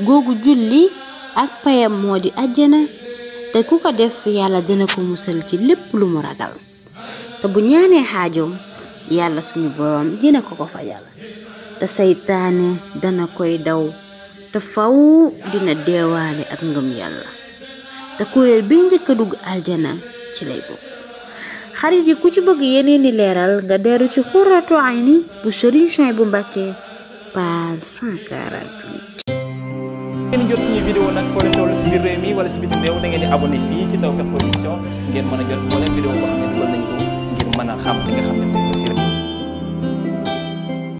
googu julli ak payam moo di àjjana te ku ko def yàlla dina ko musal ci lépp lu mu ragal te bu ñaanee xaajoom yàlla suñu boroom dina ko ko fajal te seytaane dana koy daw te faw dina deewaale ak ngëm yàlla te kuréel bi njëkk a dugg aljana ci lay bokk xarit yi ku ci bëgg yeneen leeral nga deru ci xurratu ayni bu Sëriñ Suwaybu bu Mbàkke page 148 ngeen jot mi wala si biir réew di abonné fii si Tawfekh Production ngeen mën a jot moo leen vidéo boo xam ne dugal nañ ko ngir mën a xam